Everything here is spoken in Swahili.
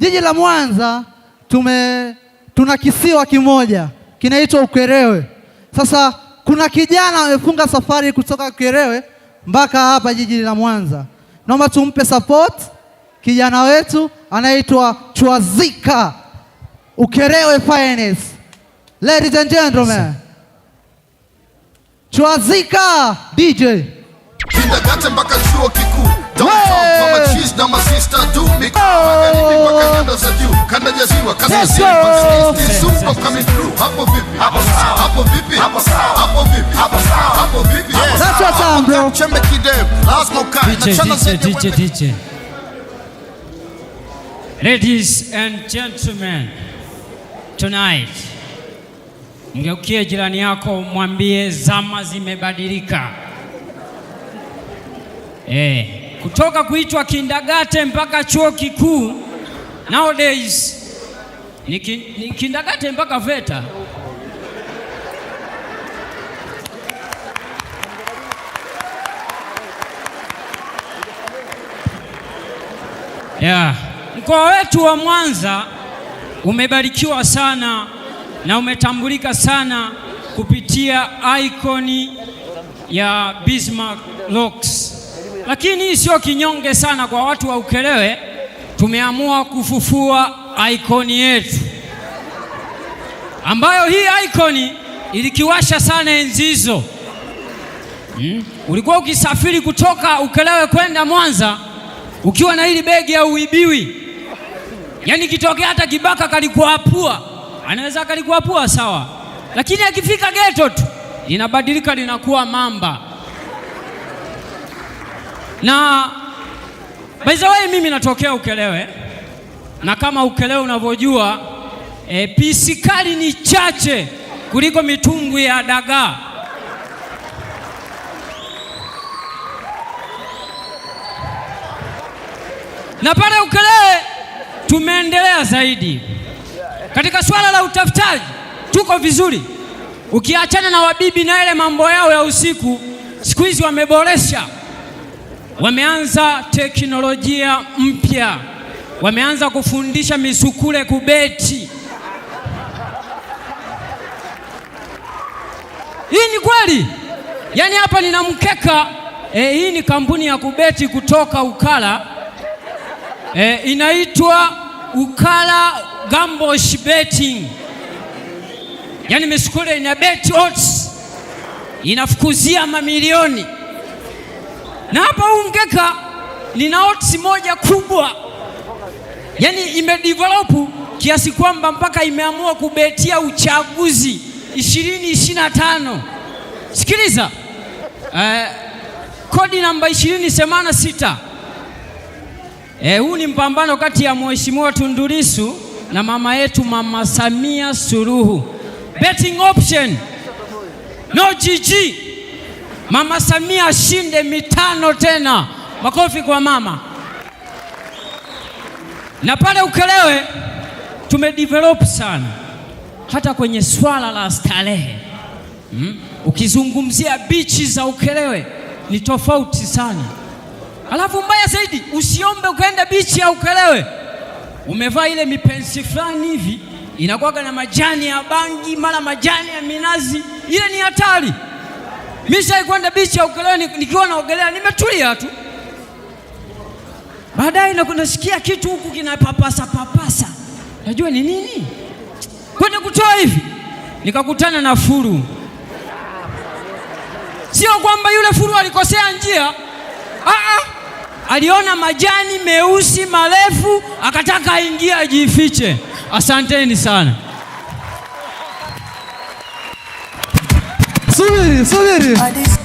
Jiji la Mwanza tume tuna kisiwa kimoja kinaitwa Ukerewe. Sasa kuna kijana amefunga safari kutoka Ukerewe mpaka hapa jiji la Mwanza. Naomba tumpe support kijana wetu anaitwa Chwazika Ukerewe Finance. Ladies and gentlemen, Chwazika DJ. Kinda mpaka chuo kikuu Ladies and gentlemen, tonight mgeukie jirani yako mwambie zama zimebadilika. Eh kutoka kuitwa kindagate mpaka chuo kikuu nowadays ni, ki, ni kindagate mpaka VETA. Yeah. Mkoa wetu wa Mwanza umebarikiwa sana na umetambulika sana kupitia ikoni ya Bismarck Locks lakini sio kinyonge sana kwa watu wa Ukerewe. Tumeamua kufufua ikoni yetu ambayo hii ikoni ilikiwasha sana enzi hizo hmm. Ulikuwa ukisafiri kutoka Ukerewe kwenda Mwanza ukiwa na hili begi ya uibiwi, yaani kitokea hata kibaka kalikuapua, anaweza kalikuapua sawa, lakini akifika geto tu linabadilika linakuwa mamba. Na by the way mimi natokea Ukerewe na kama Ukerewe unavyojua e, pisi kali ni chache kuliko mitumbwi ya dagaa. Na pale Ukerewe tumeendelea zaidi katika swala la utafutaji, tuko vizuri, ukiachana na wabibi na ile mambo yao ya usiku, siku hizi wameboresha Wameanza teknolojia mpya, wameanza kufundisha misukule kubeti. Hii ni kweli, yaani hapa nina mkeka e, hii ni kampuni ya kubeti kutoka Ukala e, inaitwa Ukala Gambosh Betting, yaani misukule ina beti odds, inafukuzia mamilioni. Na hapa huu mkeka nina oti moja kubwa, yaani imedevelop kiasi kwamba mpaka imeamua kubetia uchaguzi 2025. Sikiliza eh, kodi namba 2086. Eh, huu ni mpambano kati ya Mheshimiwa Tundu Lissu na mama yetu Mama Samia Suluhu. Betting option no GG Mama Samia ashinde mitano tena, makofi kwa mama. Na pale Ukerewe tumedevelop sana, hata kwenye swala la starehe hmm? Ukizungumzia bichi za Ukerewe ni tofauti sana. Alafu mbaya zaidi, usiombe ukaenda bichi ya Ukerewe umevaa ile mipensi fulani hivi inakuwaga na majani ya bangi mara majani ya minazi, ile ni hatari sasa kwenda bichi ya ugelea, nikiwa naogelea nimetulia tu, baadaye nasikia kitu huku kinapapasa papasa, najua ni nini, kwenda kutoa hivi nikakutana na furu. Sio kwamba yule furu alikosea njia, ah. aliona majani meusi marefu akataka aingia ajifiche. Asanteni sana. Suveer சுவீர்